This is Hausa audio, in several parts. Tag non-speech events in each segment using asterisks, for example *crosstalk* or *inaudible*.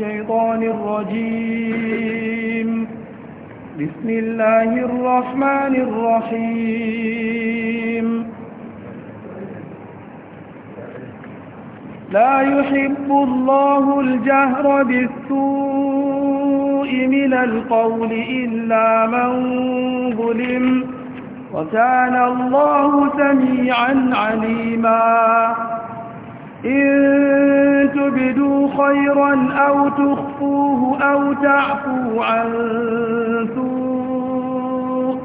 الشيطان الرجيم بسم الله الرحمن الرحيم لا يحب الله الجهر بالسوء من القول إلا من ظلم وكان الله سميعا عليما إن تبدوا خيرا أو تخفوه أو تعفو عن سوء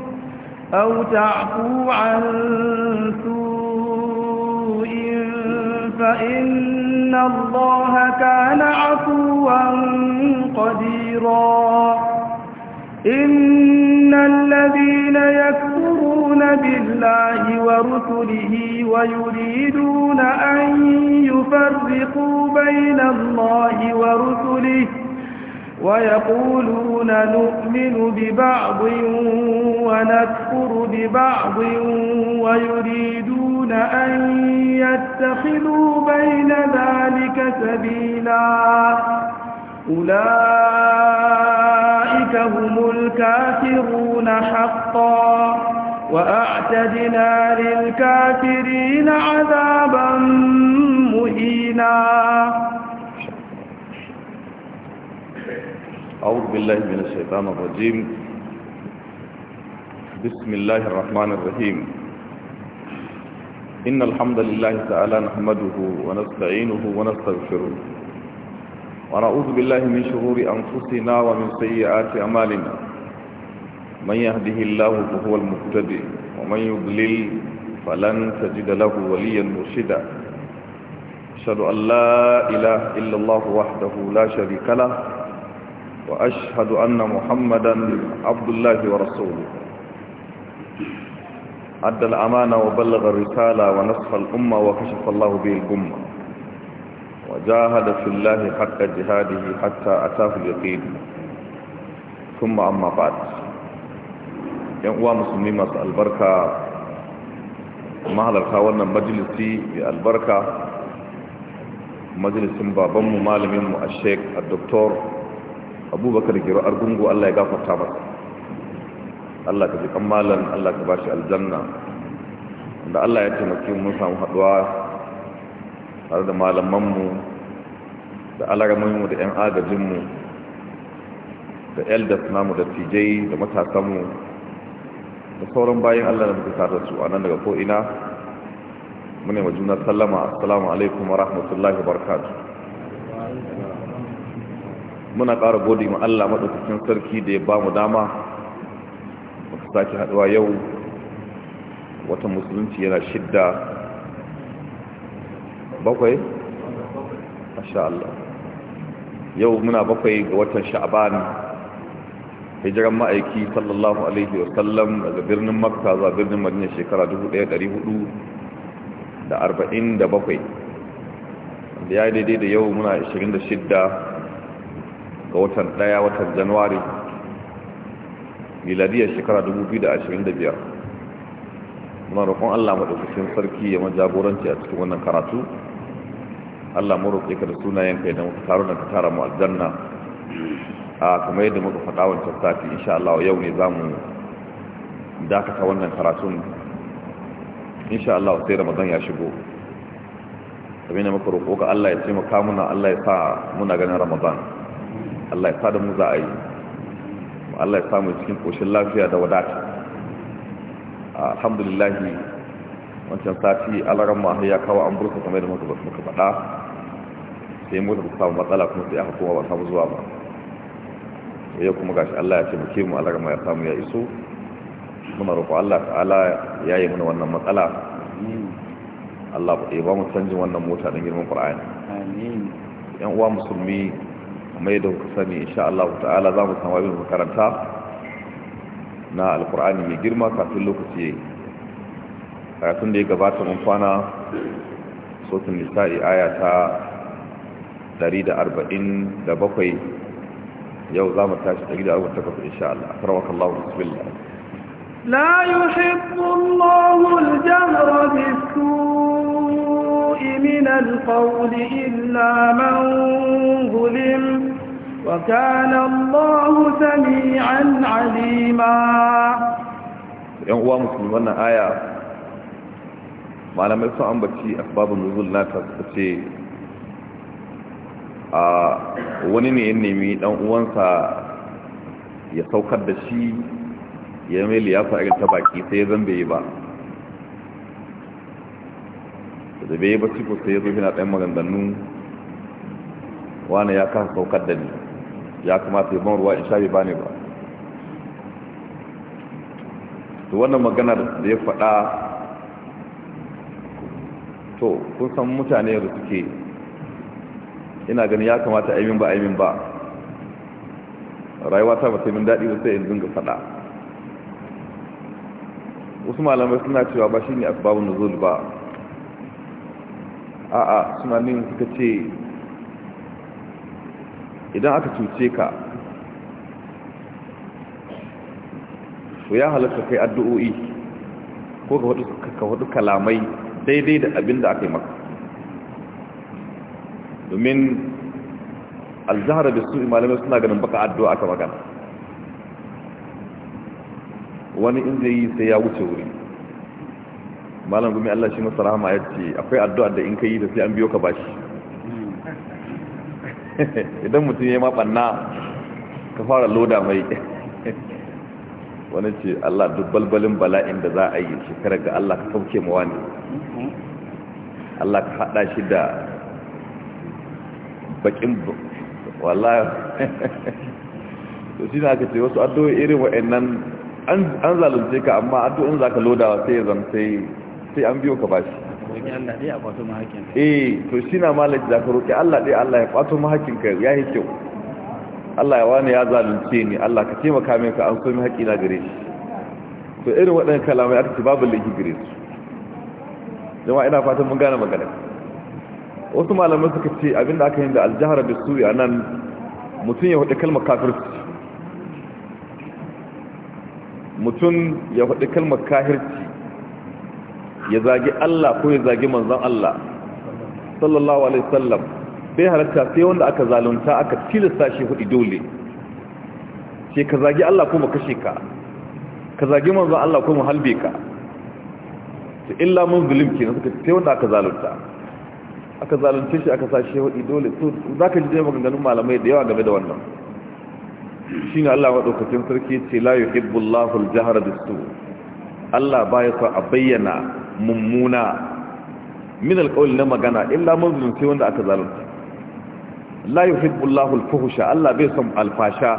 أو تعفو عن سوء فإن الله كان عفوا قديرا الذين يكفرون بالله ورسله ويريدون أن يفرقوا بين الله ورسله ويقولون نؤمن ببعض ونكفر ببعض ويريدون أن يتخذوا بين ذلك سبيلاً أولئك هم الكافرون حقا وأعتدنا للكافرين عذابا مهينا أعوذ بالله من الشيطان الرجيم بسم الله الرحمن الرحيم إن الحمد لله تعالى نحمده ونستعينه ونستغفره ونعوذ بالله من شرور أنفسنا ومن سيئات أمالنا من يهده الله فهو المهتدي ومن يضلل فلن تجد له وليا مرشدا أشهد أن لا إله إلا الله وحده لا شريك له وأشهد أن محمدا عبد الله ورسوله أدى الأمانة وبلغ الرسالة ونصف الأمة وكشف الله به الأمة جاهد في الله حق جهاده حتى أتاه اليقين ثم أما بعد ينقوى مسلمين البركة mahalarta wannan majalisi mai albarka majalisin babanmu malaminmu a a doktor abubakar gero argungu allah ya gafarta masa allah ka jikan malam allah bashi aljanna da allah ya taimake mun samu haduwa tare da malamanmu da alaramunmu da 'yan agajinmu da elders namu da tijai da matasanmu da sauran bayan allah da muka tare a nan daga ko'ina mune wa juna sallama assalamu alaikum wa rahmatullahi wa barakatu muna ƙara godi ma allah maɗaukacin sarki da ya ba mu dama muka sake haɗuwa yau watan musulunci yana shidda bakwai Allah yau muna bakwai ga watan sha'aban hijiran ma'aiki sallallahu alaihi wa sallam daga birnin makka zuwa birnin madina shekara 1447 da ya yi daidai da yau muna 26 ga watan daya watan januwari miladiyar shekara 2025 muna roƙon Allah maɗaukacin sarki ya majagoranci a cikin wannan karatu Allah mu roƙe ka da sunayen kai da muka taro da tara mu aljanna a kuma yadda muka faɗa wancan sati insha Allah yau ne zamu dakata wannan karatun insha Allah sai Ramadan ya shigo kamar muka roƙo ka Allah ya muka muna Allah ya sa muna ganin Ramadan Allah ya sa da mu za a yi Allah ya sa mu cikin koshin lafiya da wadata alhamdulillah wancan sati alaran mahi ya kawo an burka kamar da muka faɗa sai mota ta samu matsala kuma sai aka koma ba samu zuwa ba ya kuma gashi Allah ya taimake mu Allah ya samu ya iso muna roƙo Allah ta'ala ya yi mana wannan matsala Allah ya ba mu canjin wannan mota don girman Qur'ani amin yan uwa musulmi mai da kuka sani insha Allah ta'ala za mu samu abin makaranta na alƙur'ani mai girma kafin lokaci karatun da ya gabata mun kwana sotun nisa'i aya ta لا يحب الله الجهر بالسوء من القول إلا من ظلم وكان الله سميعا عليما ينقوى مسلمون آية معنى ما يصعب أنبكي أخباب النزول ناكس أتي a wani ne ya nemi dan uwansa ya saukar da shi ya mai liyafa irin ta baki sai ya zambe yi ba da bai yi ba ciko sai ya zo yana ɗan maganganu wani ya kasa saukar da ni ya kamata ya ban ruwa in sha ba ne ba to wannan maganar da ya faɗa to kun san mutane da suke ina ganin ya kamata aimin ba aimin ba rayuwa ta bata min daɗi ba sai in faɗa wasu malamai suna cewa ba shi ne asbabun nuzul ba a'a suna nin suka ce idan aka cuce ka Ku ya halatta kai addu'o'i ko ka faɗi kalamai daidai da abin da aka yi maka domin aljihar da su malamai suna ganin baka addu'a aka magana wani in zai yi sai ya wuce wuri malam gumi allah shi masu rahama ya ce akwai addu'a da in ka yi da sai an biyo ka bashi *laughs* idan mutum ya maɓanna ka fara loda mai *laughs* wani ce allah duk balbalin bala'in da za a yi shekarar ga allah ka sauke mawa ne mhm. allah ka haɗa shi da bakin wallahi to shi na aka ce wasu addu'o irin wa'annan an zalunce ka amma addu'o'in za ka lodawa sai ya sai an biyo ka ba shi eh to shi na malaki za ka roƙi allah ɗaya allah ya ƙwato ka ya yi kyau allah ya wani ya zalunce ni allah ka taimaka min ka an somi haƙi na gare shi to irin waɗannan kalamai a ce babu laifi gare su jama'a ina fatan mun gane magana wasu malamai suka ce abinda aka yi da aljihar da su a nan mutum ya hudu kalmar kafirci mutum ya hudu kalmar kafirci ya zagi Allah ko ya zagi manzan Allah sallallahu alaihi sallam bai halatta sai wanda aka zalunta aka tilasta shi hudu dole ce ka zagi Allah ko makashe ka ka zagi manzan Allah ko mahalbe ka ta illa mun zulum ke na suka sai wanda aka zalunta aka zalunce shi aka sashe hudi dole to za ka ji dai maganganun malamai da yawa game da wannan shi ne Allah maɗaukacin sarki ce la yi hibbullahu jihar da su Allah ba ya sa a bayyana mummuna min alƙawali na magana illa mazlum sai wanda aka zalunta la yi hibbullahu alfuhusha Allah bai son alfasha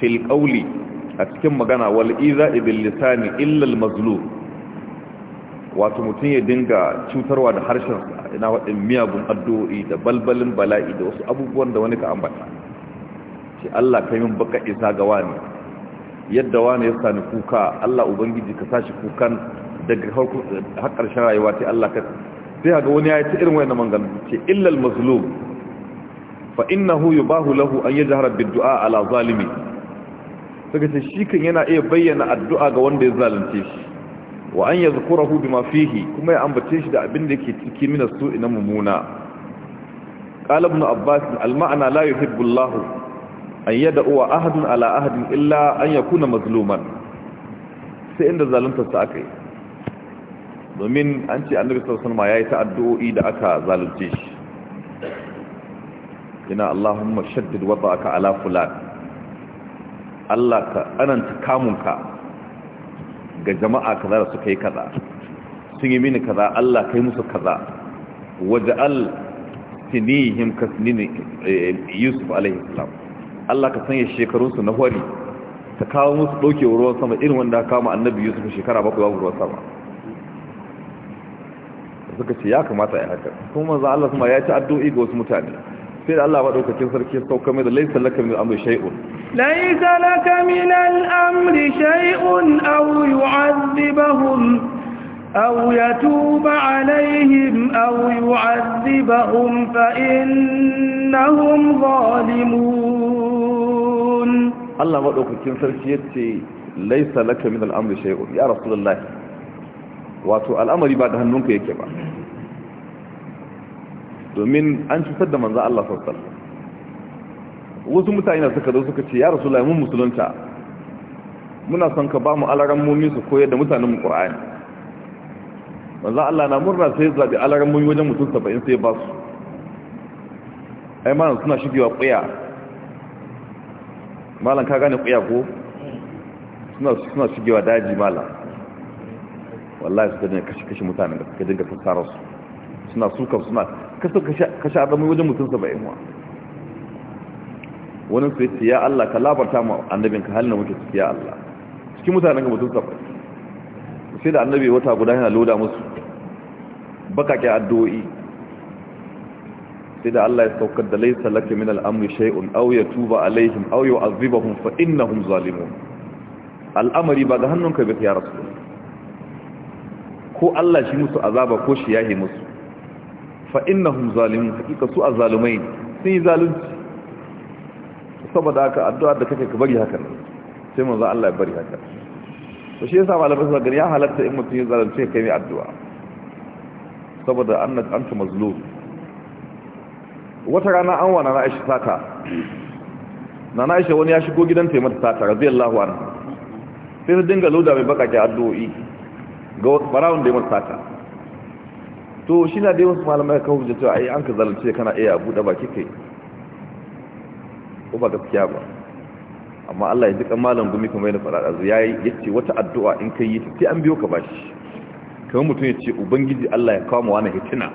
fil ƙauli a cikin magana wal iza ibil lisani illa almazlum wato mutum ya dinga cutarwa da harshen ina waɗin miyagun addu'o'i da balbalin bala'i da wasu abubuwan da wani ka ambata ce Allah ka min baka isa ga wani yadda wani ya sani kuka Allah ubangiji ka sashi kukan daga haƙar ƙarshen rayuwa ce Allah ka sai ga wani ya yi ta irin wani mangan ce illal mazlum fa innahu bahu lahu an yi bid-du'a ala zalimi saka ce shi kan yana iya bayyana addu'a ga wanda ya zalunce shi wa an yadhkurahu bima fihi kuma ya ambace shi da abin da ke ciki min su'i na mumuna qala ibn abbas al ma'ana la yuhibbu allah an yad'a ahadun ala ahadin illa an ya kuna mazluman sai inda zalunta aka yi domin an ce annabi sallallahu alaihi wasallam yayi ta addu'o'i da aka zalunce shi ina allahumma shaddid wada'aka ala fulan Allah ka ananta kamunka ga jama'a kaza da suka yi kaza sun yi mini kaza Allah kai musu kaza waja'al sinihim kasnin eh, Yusuf alaihi Allah ka sanya shekarunsu na hori ta kawo musu ɗauke ruwan sama irin wanda ka mu annabi Yusuf shekara bakwai babu ruwan sama suka ce ya kamata ya haka kuma manzo Allah kuma ya ci addu'i ga wasu mutane sai da Allah madaukakin sarki ya sauka mai da laysa laka min al-amri shay'un laysa laka min al شيء أو يعذبهم أو يتوب عليهم أو يعذبهم فإنهم ظالمون الله ما أقول كم سرشيتي ليس لك من الأمر شيء يا رسول الله wato al'amari ba da hannunka yake ba domin an cutar da manzan Allah sassar wasu mutane da suka zo suka ce ya rasu laimun musulunta muna son ka ba mu alaran mummi su koyar da mutanen ƙur'ani manzo Allah na murna sai zabi alaran mummi wajen mutum 70 sai ba su ai malam suna shigewa ƙuya malam ka gane ƙuya ko suna suna shigewa daji malam wallahi su dinga kashi kashi mutanen da suka dinga fassara su suna sukan suna kasu kashe adamai wajen mutum 70 wa wani su ya Allah ka labarta mu annabinka halin da muke ciki ya Allah cikin mutanen ga mutum sabu sai da annabi wata guda yana loda musu bakake addu'o'i sai da Allah ya sauka da laisa laka min al'amri shay'un aw yatuba alaihim aw yu'adhibahum fa innahum zalimun al'amari ba ga hannunka bai ya rasul ko Allah shi musu azaba ko shi yahi musu fa innahum zalimun hakika su azalumai sun yi zalunci saboda haka addu'a da kake ka bari haka sai manzo Allah ya bari haka to shi yasa malamin sa gari ya halatta in mutum ya zalunce kai mai addu'a saboda an anta mazlum wata rana an wa na Aisha sata na Aisha wani ya shigo gidan ta mata saka radiyallahu anha sai ta dinga loda mai bakake addu'o'i ga barawun da ya mata sata to shi na dai wasu malamai ka hujja cewa ai an ka zalunce kana iya bude baki kai ko ba gaskiya ba amma Allah ya ji kan malam gumi kamar yana fara azu yayi yace wata addu'a in kai yi sai an biyo ka bashi kamar mutum yace ubangiji Allah ya kawo wani hitina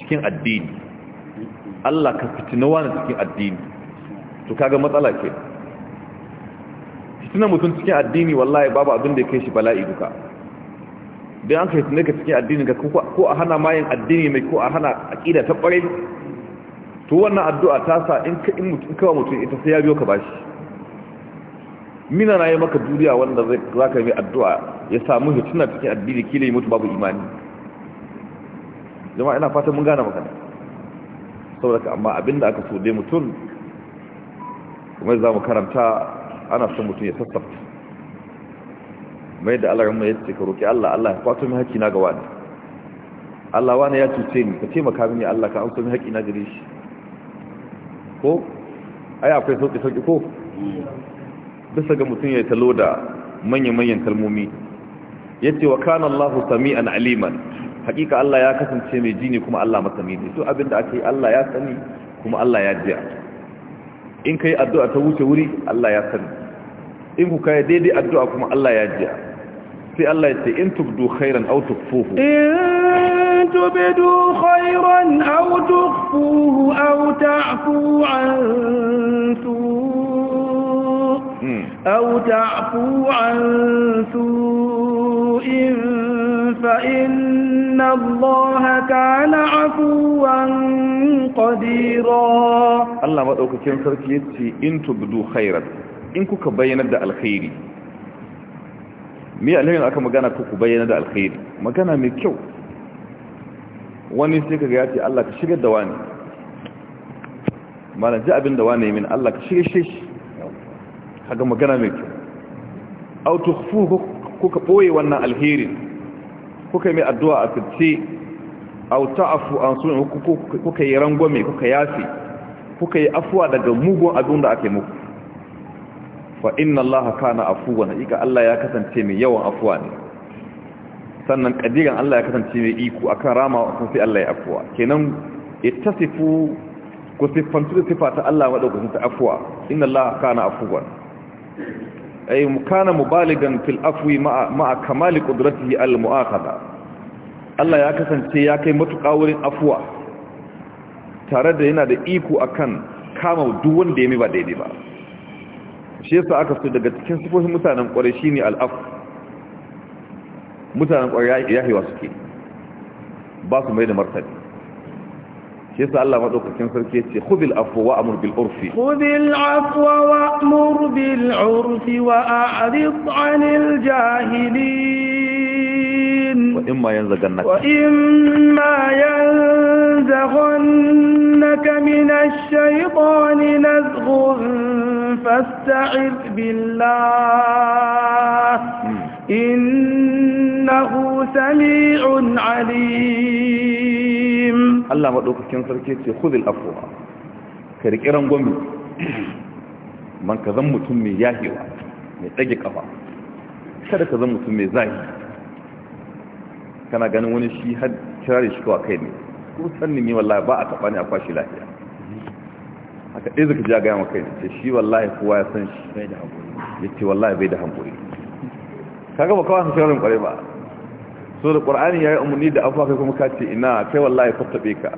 cikin addini Allah ka fitina wani cikin addini to kaga matsala ke fitina mutum cikin addini wallahi babu abin da ya kai shi bala'i duka dan an kai fitina ka cikin addini ka ko a hana mayin addini mai ko a hana aqida ta kware to wannan addu'a ta sa in ka in mutum kawo mutum ita sai ya biyo ka bashi mina na yi maka duniya wanda za ka yi addu'a ya samu hituna cikin addini kila yi mutu babu imani jama'a ina fatan mun gane magana saboda ka amma abinda aka so dai mutum kuma za mu karanta ana son mutum ya sassafta mai da alarin mai yace ka roƙi Allah Allah ya kwato min haƙi na ga wani Allah wani ya cuce ni ka taimaka mini Allah ka amsa mai haƙi na gare shi ko ai akwai sauƙi sauƙi ko bisa ga mutum ya talo da manya-manyan kalmomi ya ce wa kana Allah an aliman hakika Allah ya kasance mai ji ne kuma Allah masami ne so abinda ake Allah ya sani kuma Allah ya jiya in ka yi addu'a ta wuce wuri Allah ya sani in ku kai daidai addu'a kuma Allah ya jiya sai Allah ya ce in tubdu khairan au tukfuhu in tubdu khairan aw tukfuhu aw ta'fu an su أو تعفو عن سوء فإن الله كان عفوا قديرا الله ما أوكي كم فرقيتي إن تبدو خيرا in kuka bayyanar da alkhairi me alherin aka magana kuku bayyana da alkhairi magana mai kyau wani sai kaga ya ce Allah ka shigar da malam ji abin da wani Allah ka kaga magana mai kyau au tukhfuhu kuka boye wannan alherin kuka mai addu'a a tsitse au ta'fu an sun kuka yi rangwame kuka yafi kuka yi afuwa daga mugun abin da aka yi muku fa inna allaha kana afuwan hakika Allah ya kasance mai yawan afwa ne sannan kadiran Allah ya kasance mai iko akan rama sun sai Allah ya afuwa kenan ittasifu ku sifantu da allah ta Allah madaukakin ta afuwa inna allaha kana afuwan ay mu mubaligan fil afwi ma ma kamal qudratihi al Allah ya kasance ya kai mutuka wurin afuwa. tare da yana da iko akan kama duk wanda yayi ba daidai ba shi yasa aka so daga cikin sifofin mutanen ƙwarishi ne al mutanen ƙwarai yahiwa suke ba su mai da martani shi yasa Allah madaukakin sarki yace khudil afwa wa amur bil urfi khudil afwa wa amur bil urfi wa a'rid 'anil jahilin wa imma yanzaghannaka wa imma yanzaghannaka minash shaytani nazghun fasta'id billah in إنه سميع عليم الله مدوك كن سركي خذ الأفوى كريك إرم قمي من كذن متم ياهيوا يتجي كفا كذا كذن متم زاهي kana ganin wani shi har kirare shi kawa kai ne ko sannin ne wallahi ba a taɓa ne a kwashi haka ɗaya zaka ja gaya maka ce shi wallahi kowa ya san shi ya ce wallahi bai da hankuri kaga ba kawai su shirin kwarai ba so da qur'ani yayi umarni da afuwa kai kuma ka ce ina kai wallahi fattabe ka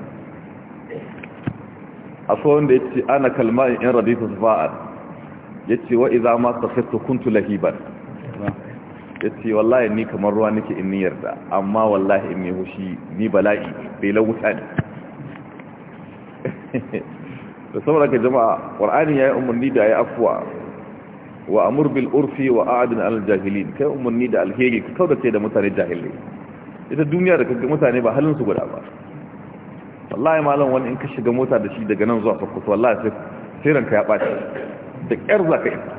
akwai wanda yace ana kalma in raditu safa'at yace wa idza ma takhaftu kuntu lahiban yace wallahi ni kamar ruwa nake in ni yarda amma wallahi in ni hushi ni bala'i bai lawuta ni. da *laughs* saboda ka jama'a qur'ani yayi umarni da yayi afwa wa amur bil urfi wa a'din al jahilin kai umarni da alheri ka kaudace da mutane jahili. ita duniya da kaga mutane ba halin su guda ba wallahi malam wani in ka shiga mota da shi daga nan zuwa sokoto wallahi sai sai ranka ya baci da ƙyar za ka isa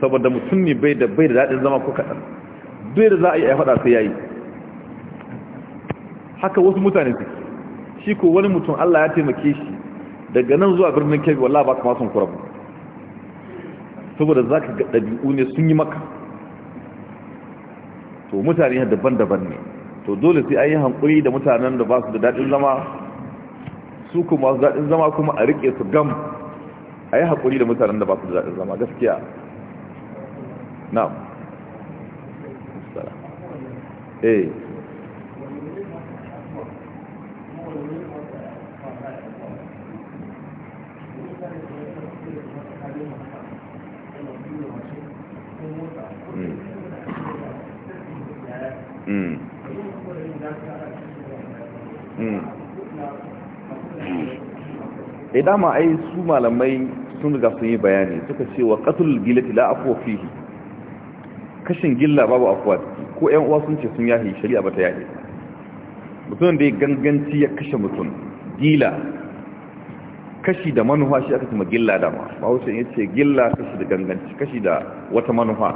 saboda mutum ne bai da bai da daɗin zama ko kaɗan bai da za a yi a faɗa sai ya yi haka wasu mutane su shi ko wani mutum Allah ya taimake shi daga nan zuwa birnin kebbi wallahi ba ka masu kurabu saboda za ka ga dabi'u ne sun yi maka to mutane daban-daban ne to dole sai an yi hankuri da mutanen da ba su da daɗin zama su kuma su daɗin zama kuma a riƙe su gam a yi hankuri da mutanen da ba su da daɗin zama gaskiya na'am eh sai eh, dama ai su malamai sun riga sun yi bayani suka ce wa qatul gilati la afwa fihi kashin gilla babu afwa ko ƴan uwa sun ce sun yahi shari'a bata yahi mutum da ya ganganci ya kashe mutum gila kashi da manufa shi aka kuma gilla dama ba wuce ya ce gilla kashi da ganganci kashi da wata manufa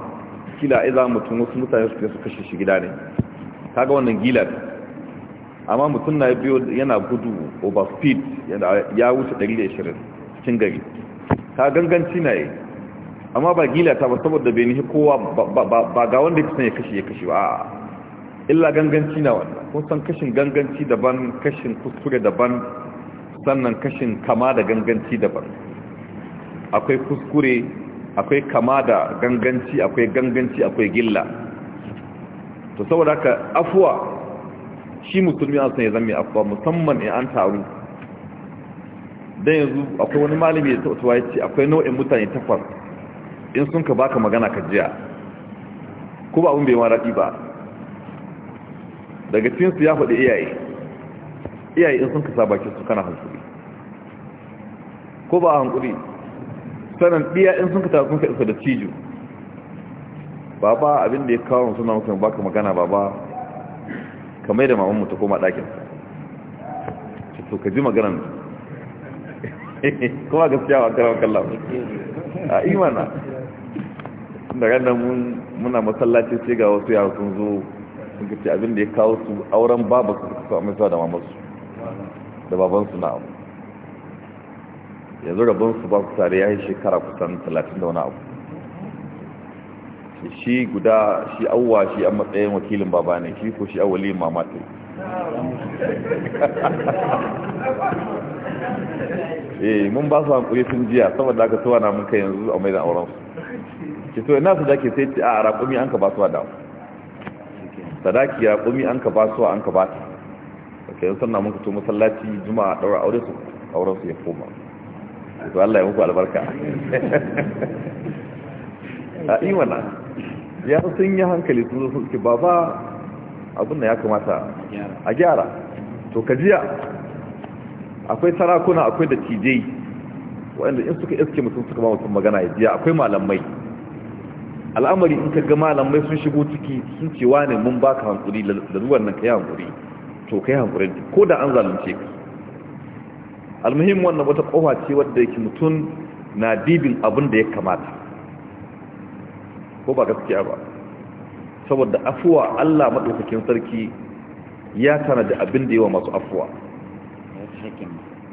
kila ai za mutum wasu mutane su kashe shi gida ne kaga wannan gila ne amma mutum na biyo yana gudu over speed ya wuce 120 cikin gari ka ganganci na yi amma ba gila ta ba saboda bai nihi kowa ba ga wanda ya ya kashe ya kashe ba illa ganganci na wannan kun san kashin ganganci daban kashin kuskure daban sannan kashin kama da ganganci daban akwai kuskure akwai kama da ganganci akwai ganganci akwai gilla to saboda haka afuwa shi musulmi an san ya zama afuwa musamman in an taru don yanzu akwai wani malami ya tautuwa ya ce akwai nau'in mutane takwas in sun ka baka magana ka jiya ko ba abin bai ma daɗi ba daga cinsu ya faɗi iyaye iyaye in sun ka sa baki su kana hankuri ko ba a hankuri sanan ɗiya in sun ka ta sun ka isa da ba baba abin da ya kawo suna mutum baka magana baba kamar da mamanmu ta koma ɗakinsa to ka ji maganar *laughs* kuma gaskiya wa karamar kallon a imana da ranar muna matsalacin ce ga wasu yawon sun zo sun gaci abinda ya kawo su auren babu su suka sami da mamarsu da babansu na abu yanzu rabinsu ba su tare ya yi shekara kusan talatin da wani abu shi guda shi awwa shi a matsayin wakilin baba ne shi ko shi a mamata mama ta *laughs* eh mun ba su hankuri sun jiya saboda aka tuwa na muka yanzu a mai auren su ki so ina su dake sai a raƙumi an ka ba su a da. sadaki raƙumi an ka ba su an ka ba ta kai yanzu sannan muka to masallaci juma'a daura aure su auren su ya koma to Allah ya muku albarka *laughs* a iwana ya sun yi hankali sun zo suke ba ba abin da ya kamata a gyara to kajiya akwai sarakuna akwai da tijai waɗanda in suka iske mutum suka ba mutum magana ya jiya akwai malamai al'amari in ka ga malamai sun shigo ciki sun ce ne mun baka hankuri da zuwan nan ka yi hankuri to ka yi hankuri ko da an zalunce ka almuhim wannan wata kofa ce wadda yake mutum na dibin abin da ya kamata ko ba gaskiya ba saboda afuwa Allah maɗaukakin sarki ya tana da abin da yawa masu afuwa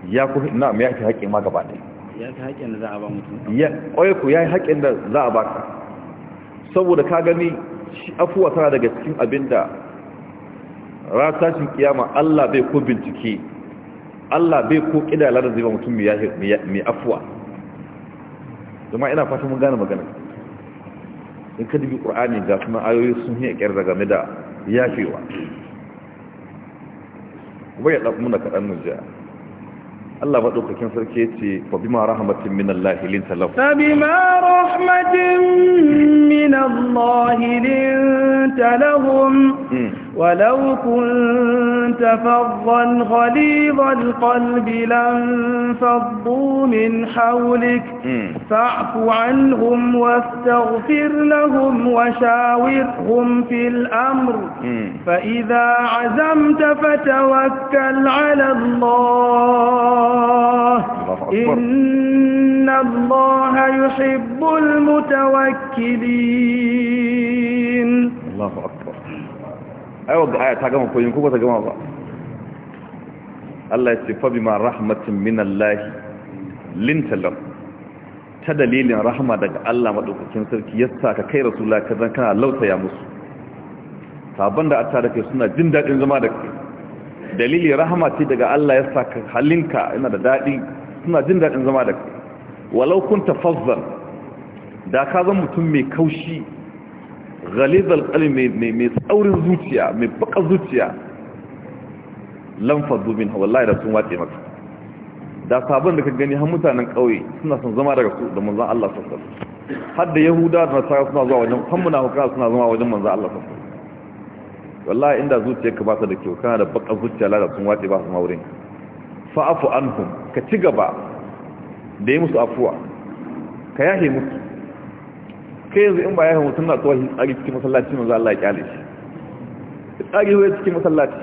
ya ku na ya fi haƙƙin ma gaba ɗaya ya fi haƙƙin da za a ba mutum ya ƙwai ku ya yi haƙƙin da za a ka saboda ka gani shi afuwa tana daga cikin abin da ratashin kiyama Allah bai ko bincike Allah bai ko da zai ba mutum mai afuwa zama ina fashin mun gane magana in ka dubi ƙur'ani ga kuma ayoyi sun yi ƙyar da game da yafewa kuma ya ɗaɓu na kaɗan nujiya Allah maɗaukakin sarki ce fa ma rahmatin min Allah lin talahu fa ma rahmatin min Allah lin talahum hmm. ولو كنت فظا غليظ القلب لانفضوا من حولك فاعف عنهم واستغفر لهم وشاورهم في الأمر فإذا عزمت فتوكل على الله إن الله يحب المتوكلين الله أكبر aiwa ga aya ta gama koyin ko ba ta gama ba Allah ya ce fa ma rahmatin minallahi lintalam ta dalilin rahama daga Allah madaukakin sarki yasa ka kai rasulullahi ka zan kana lautaya musu sabon da atta da kai suna jin dadin zama da kai dalilin rahama ce daga Allah yasa ka halinka ina da dadi suna jin dadin zama da kai walau kunta fazzan da ka zan mutum mai kaushi ghalizal qalbi mai mai tsaurin zuciya mai baka zuciya lan fadu min wallahi da sun wace maka da sabon da ka gani har mutanen kauye suna son zama daga su da manzon Allah sallallahu alaihi wasallam har da yahuda da nasara suna zuwa wajen hammuna hukka suna zama wajen manzon Allah sallallahu alaihi wasallam wallahi inda zuciyarka ba ta da kyau kana da baka zuciya la sun wace ba su maurin fa'afu anhum ka ci gaba da yi musu afuwa ka yahe musu kai yanzu in ba ya mutum na tsohon tsari cikin masallaci manzo Allah ya kyale shi tsari wai cikin masallaci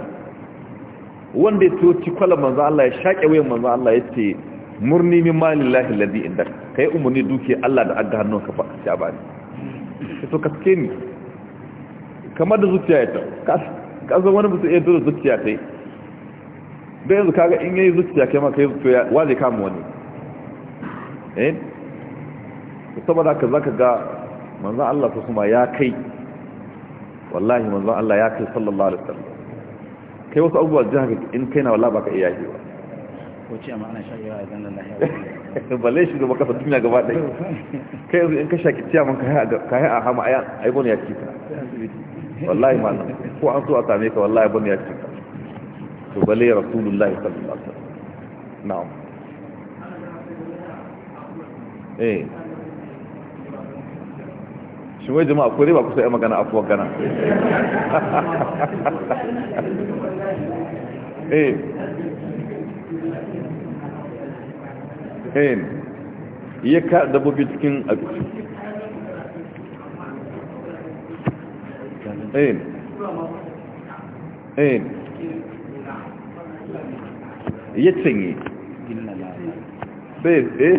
wanda ya toci kwalar manzo Allah ya shaƙe wayan manzo Allah ya ce murni min malillahi inda ka yi umarni duke Allah da aga hannun ka faɗa shi abani so kaske ni kamar da zuciya ya ta ka wani mutum ya dole zuciya ta yi dai yanzu kaga in yi zuciya kai ma kai zuciya waje kama wani eh saboda ka za ka ga manzo Allah ta kuma ya kai wallahi manzo Allah ya kai sallallahu alaihi wasallam kai wasu abubuwa jihar in kai na wallahi baka iya yi ba ko ce ma ana shagewa a zanen lahiya *laughs* balle shi gaba kasa duniya gaba ɗaya kai yanzu in ka shaki ciya man ka yi a hama ai bane ya cika wallahi ma ko an so a same ka wallahi bane ya cika to balle ya rasulullahi sallallahu alaihi wasallam na'am eh shi mai jama'a ko riba kusa ya magana afuwa gana eh eh ya ka dabobi cikin abu eh eh ya cinye sai eh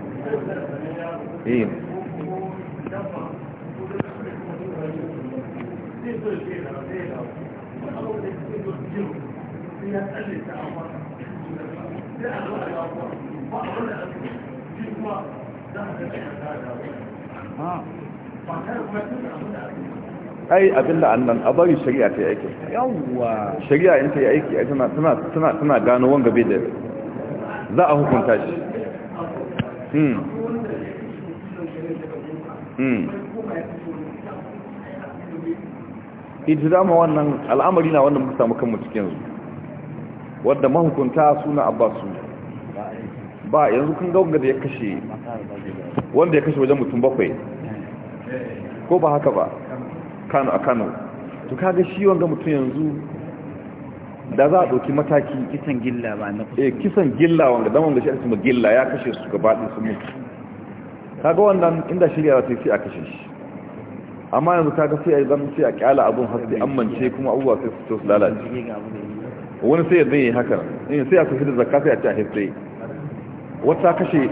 eh ai abinda da annan a bari shari'a ta yi aiki yawwa shari'a in ta yi aiki tana tana tana gano wanga bai da za a hukunta shi hmm Hmm. ita dama wannan al'amari na wannan muka samu kanmu cikin su wadda mahukunta suna abbasu ba yanzu kun gauga da ya kashe wanda ya kashe wajen mutum bakwai ko ba haka ba kano a kano to kaga shi wanga mutum yanzu da za a ɗauki mataki kisan gilla ba na kusa eh, kisan gilla wanda damar da shi a cikin gilla ya kashe su gabaɗin sun mutu kaga wannan inda shirya ta sai a kashe shi amma yanzu kaga sai a zama sai a kyala abun har sai ce, kuma abubuwa sai su su lalace wani sai zai yi haka in eh, sai a kashe da zakka sai a ci a hisse wata kashe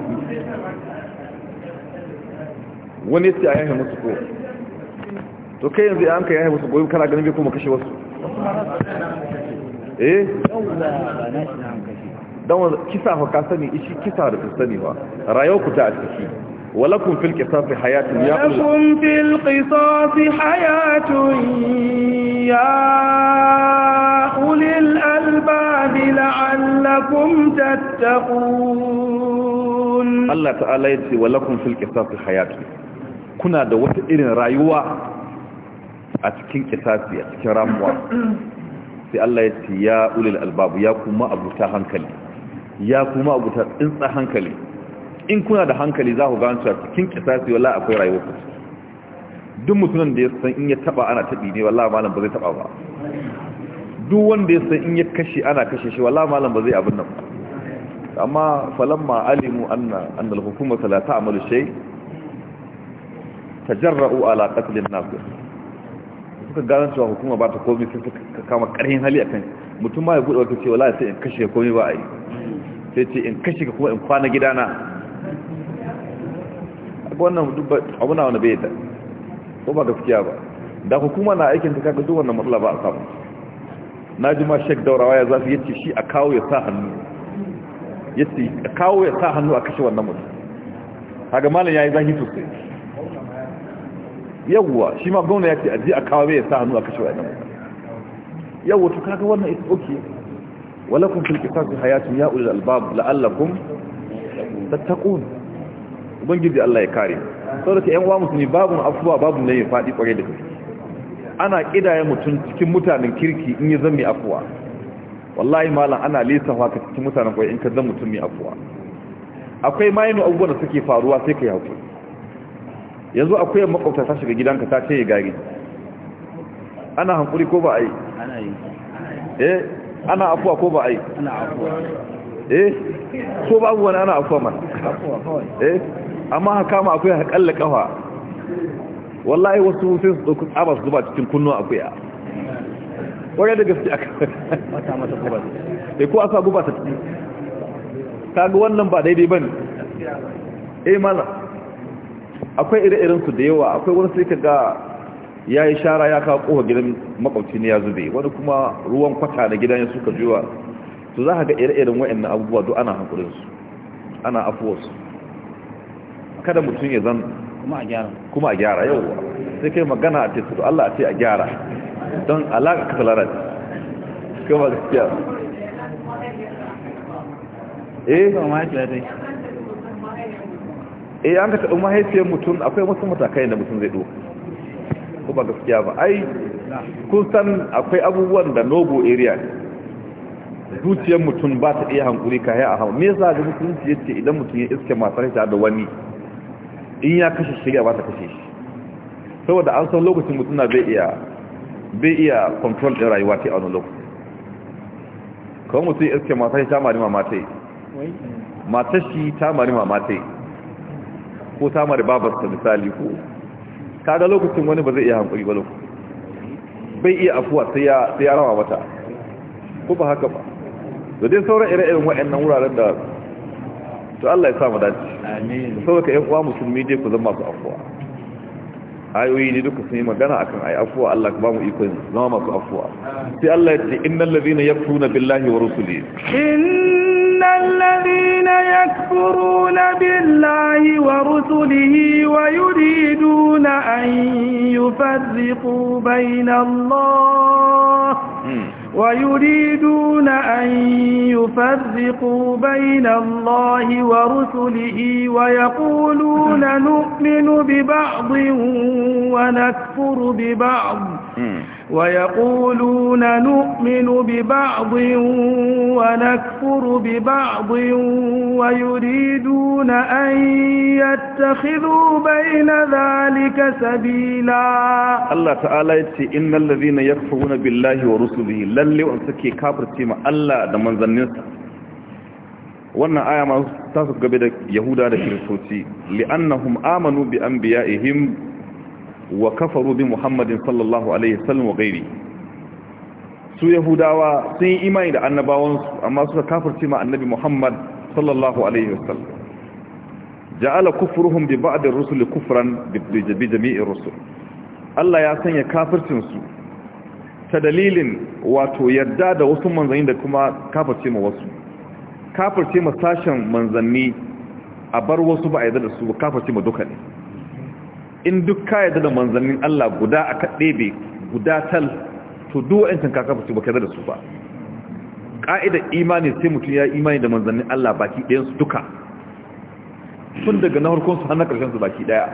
wani sai a yanke musu ko to kai yanzu ya hanka yanke musu ko kana ganin bai kuma kashe wasu eh dan kisa haka ka sani ishi kisa da ka sani ba rayuwar ku ta a ciki ولكم في القصاص حياة يا ولكم في القصاص حياة يا أولي الألباب لعلكم تتقون الله تعالى يتي ولكم في القصاص حياة كنا دوت إرن رايوة أتكين قصاصي أتكين راموة sai Allah ya ce ya ulil albabu ya kuma abuta hankali ya kuma abuta tsintsa hankali in kuna da hankali za ku gano cewa cikin kisasi wallahi akwai rayuwar ku duk mutumin da ya san in ya taba ana tabi ne wallahi malam ba zai taba ba duk wanda ya san in ya kashe ana kashe shi wallahi malam ba zai abin nan amma falamma alimu anna anna al hukuma la ta'malu shay tajarra'u ala qatl an nafs suka gano cewa hukuma ba ta komai sai suka kama karhin hali akan mutum ma ya bude wata ce wallahi sai in kashe komai ba ai sai ce in kashe ka kuma in kwana gidana duk wannan duk abuna wani bai da ko ba gaskiya ba da hukuma na aikin ta kaga duk wannan matsala ba a samu na ji ma shek daurawa ya zafi yace shi a kawo ya sa hannu yace a kawo ya sa hannu a kashe wannan mutum kaga malam yayi zahi sosai yawwa shi ma gwamna yace a ji a kawo ya sa hannu a kashe wannan mutum yawwa to kaga wannan is okay walakum fil qisas hayatun ya ulul albab la'allakum tattaqun ubangiji Allah ya kare saboda yan uwa musulmi babu afuwa babu ne ya faɗi kwarai da gaske ana kidaya mutum cikin mutanen kirki in ya zama afuwa wallahi malam ana lissafa ka cikin mutanen kwarai in ka zama mutum mai afuwa akwai mayinu abubuwan da suke faruwa sai ka yi yanzu akwai makwabta ta shiga gidanka ta ce ya gari ana hankuri ko ba a yi eh ana afuwa ko ba a yi ana afuwa eh ko ba wani ana afuwa mana afuwa kawai eh amma haka ma akwai haƙalla ƙafa wallahi wasu sun su tsaba su zuba cikin kunnuwa akwai a ƙwarar da gaske aka mata mata guba da eh, ko aka guba ta ciki ta ga wannan ba daidai ba ne eh mana akwai ire-iren su da yawa akwai wani sai ka ga ya yi shara ya kawo ƙofa gidan makwabci ne ya zube wani kuma ruwan kwata na gidan ya suka juwa to za ka ga ire-iren na abubuwa duk ana hankulinsu ana afuwarsu kada mutum ya zan kuma a gyara yau sai kai magana a ce Allah a ce a gyara don alaƙa kasa ce. kuma gaskiya eh eh an ka taɓa mahaifiyar mutum akwai wasu matakai da mutum zai ɗoku ko ba gaskiya ba ai kun san akwai abubuwan da nobo area zuciyar mutum ba ta iya hankuri ka haya a hau me yasa ga musulunci ce idan mutum ya iske matar da wani in ya kashe shirya ba ta kashe shi saboda an san lokacin mutuna bai iya bai iya control din rayuwa ta a wani lokaci. kawai mutum ya iske mata ta mari mamate, yi shi ta mari mamata ko ta mari ta misali ko kaga lokacin wani ba zai iya hankali ba lokacin bai iya afuwa sai ya rawa mata ko ba haka ba da dai sauran ire-iren waɗannan wuraren da to Allah ya sa mu dace amin saboda yan uwa musulmi dai ku zama masu afuwa ayoyi ne duka sun yi magana akan ayi afuwa Allah ka ba mu iko zama masu afuwa sai Allah ya ce innal ladina yakfuruna billahi wa rusulihi innal ladina yakfuruna billahi wa rusulihi wa yuriduna an yufarriqu baina Allah ويريدون أن يفرقوا بين الله ورسله ويقولون نؤمن ببعض ونكفر ببعض ويقولون نؤمن ببعض ونكفر ببعض ويريدون أن يتخذوا بين ذلك سبيلا الله تعالى يتي إن الذين يكفرون بالله ورسله للي وانسكي كابر تيما الله دمان ذننسا wannan aya masu tasu gabe da yahuda da kiristoci li'annahum amanu bi anbiya'ihim wa kafaru bi muhammadin sallallahu alaihi wasallam wa gairi su yahudawa sun yi imani da annabawansu amma suka kafirce ma annabi muhammad sallallahu alaihi wasallam ja'ala kufruhum bi ba'd ar-rusul kufran bi jami'ir rusul Allah ya sanya kafircin su ta dalilin wato yadda da wasu manzanni da kuma kafirce ma wasu kafirce ma sashen manzanni a bar wasu ba a yadda da su kafirce ma duka ne in duk ka yadda da manzannin Allah guda a ɗebe guda tal to duk wa'ancan kaka fice su kaza da su ba ƙa'idar imani sai mutum ya imani da manzannin Allah baki ɗayansu duka sun daga na harkonsu hannun ƙarshen su baki ɗaya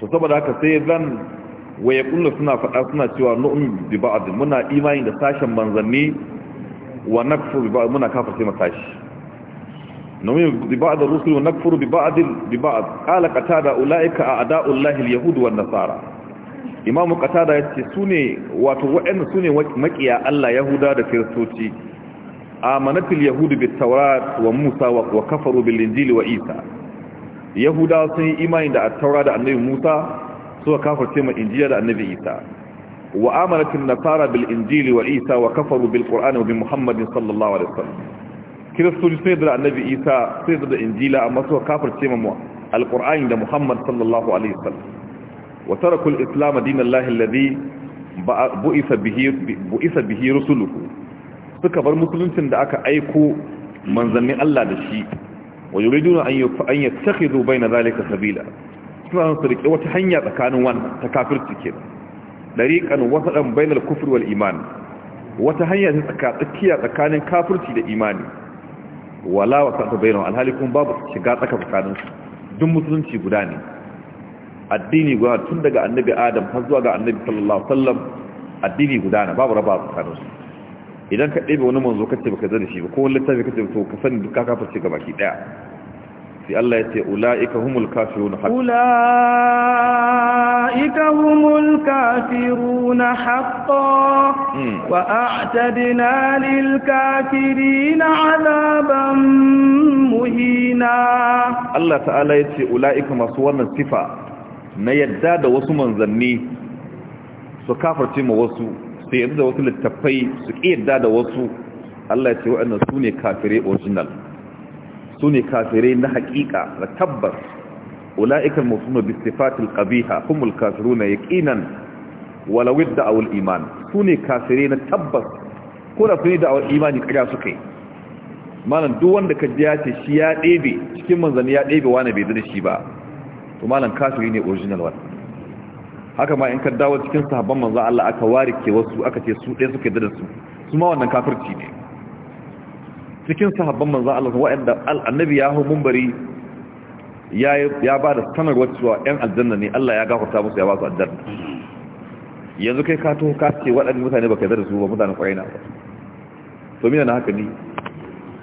to saboda haka sai zan waya kulla suna faɗa suna cewa nu'min bi muna imani da sashen manzanni wa nakfur bi muna نؤمن ببعض الرسل ونكفر ببعض ببعض قال قتادة أولئك أعداء الله اليهود والنصارى إمام قتادة يتسوني وتوعن سوني مكيا الله يهودا دكرتوتي آمنت اليهود بالتوراة وموسى وكفروا بالإنجيل وإيسى يهودا سني إيمان دا التوراة دا النبي موسى سوى كافر تيما إنجيل دا النبي إيسى وآمنت النصارى بالإنجيل وإيسى وكفروا بالقرآن وبمحمد صلى الله عليه وسلم kiristoci sai da annabi isa sai da injila amma suka kafirce mu Alƙur'ani da muhammad sallallahu alaihi wasallam wa taraku alislam dinan lahi alladhi bu'isa bihi bu'isa bihi rusuluhu suka bar musuluncin da aka aiko manzannin Allah da shi wa yuriduna an yi an yattakhidhu bayna dhalika sabila suna su riƙe wata hanya tsakanin wannan ta kafir kenan dariqan wasu bainal kufri kufurwar iman wata hanya ta tsaka tsakiya tsakanin kafirci da imani wala wa sa'atu bainahum alhali kuma babu shiga tsaka tsakanin su duk musulunci guda ne addini guda tun daga annabi adam har zuwa ga annabi sallallahu alaihi wasallam addini guda ne babu raba tsakanin su idan ka ɗebe wani manzo kace baka zai shi ba ko wani littafi kace to ka sani duk ka kafa ci gaba ki daya sai Allah ya ce ula'ika humul kafirun haqqan ula'ika humul kafirun haqqan hmm. wa a'tadna lil kafirin 'adaban muhina Allah ta'ala ya ce ula'ika masu wannan sifa na yadda da wasu manzanni su kafirce ma wasu sai yadda wasu littafai su ƙi yadda da wasu Allah ya ce waɗannan sune kafire original su ne kafirai na haƙiƙa na tabbas ula'ikan musulmi bi sifatil qabiha humul na yaqinan wala wadda awul iman su ne kafirai na tabbas ko da su ne da awul imani kariya suka yi malam duk wanda ka ji ya ce shi ya ɗebe cikin manzanni ya ɗebe wa na bai zira shi ba to malam kafiri ne original one haka ma in ka dawo cikin sahabban manzo Allah aka ware ke wasu aka ce su ɗaya suka yi da su su ma wannan kafirci ne cikin sahabban manzan Allah wa'anda annabi ya hu mumbari ya ba da sanarwar cewa 'yan aljanna ne Allah ya gafarta musu ya ba su aljanna yanzu kai ka to ka ce waɗanda mutane ba ka zara su ba mutane kwarai na ba to mina na haka ni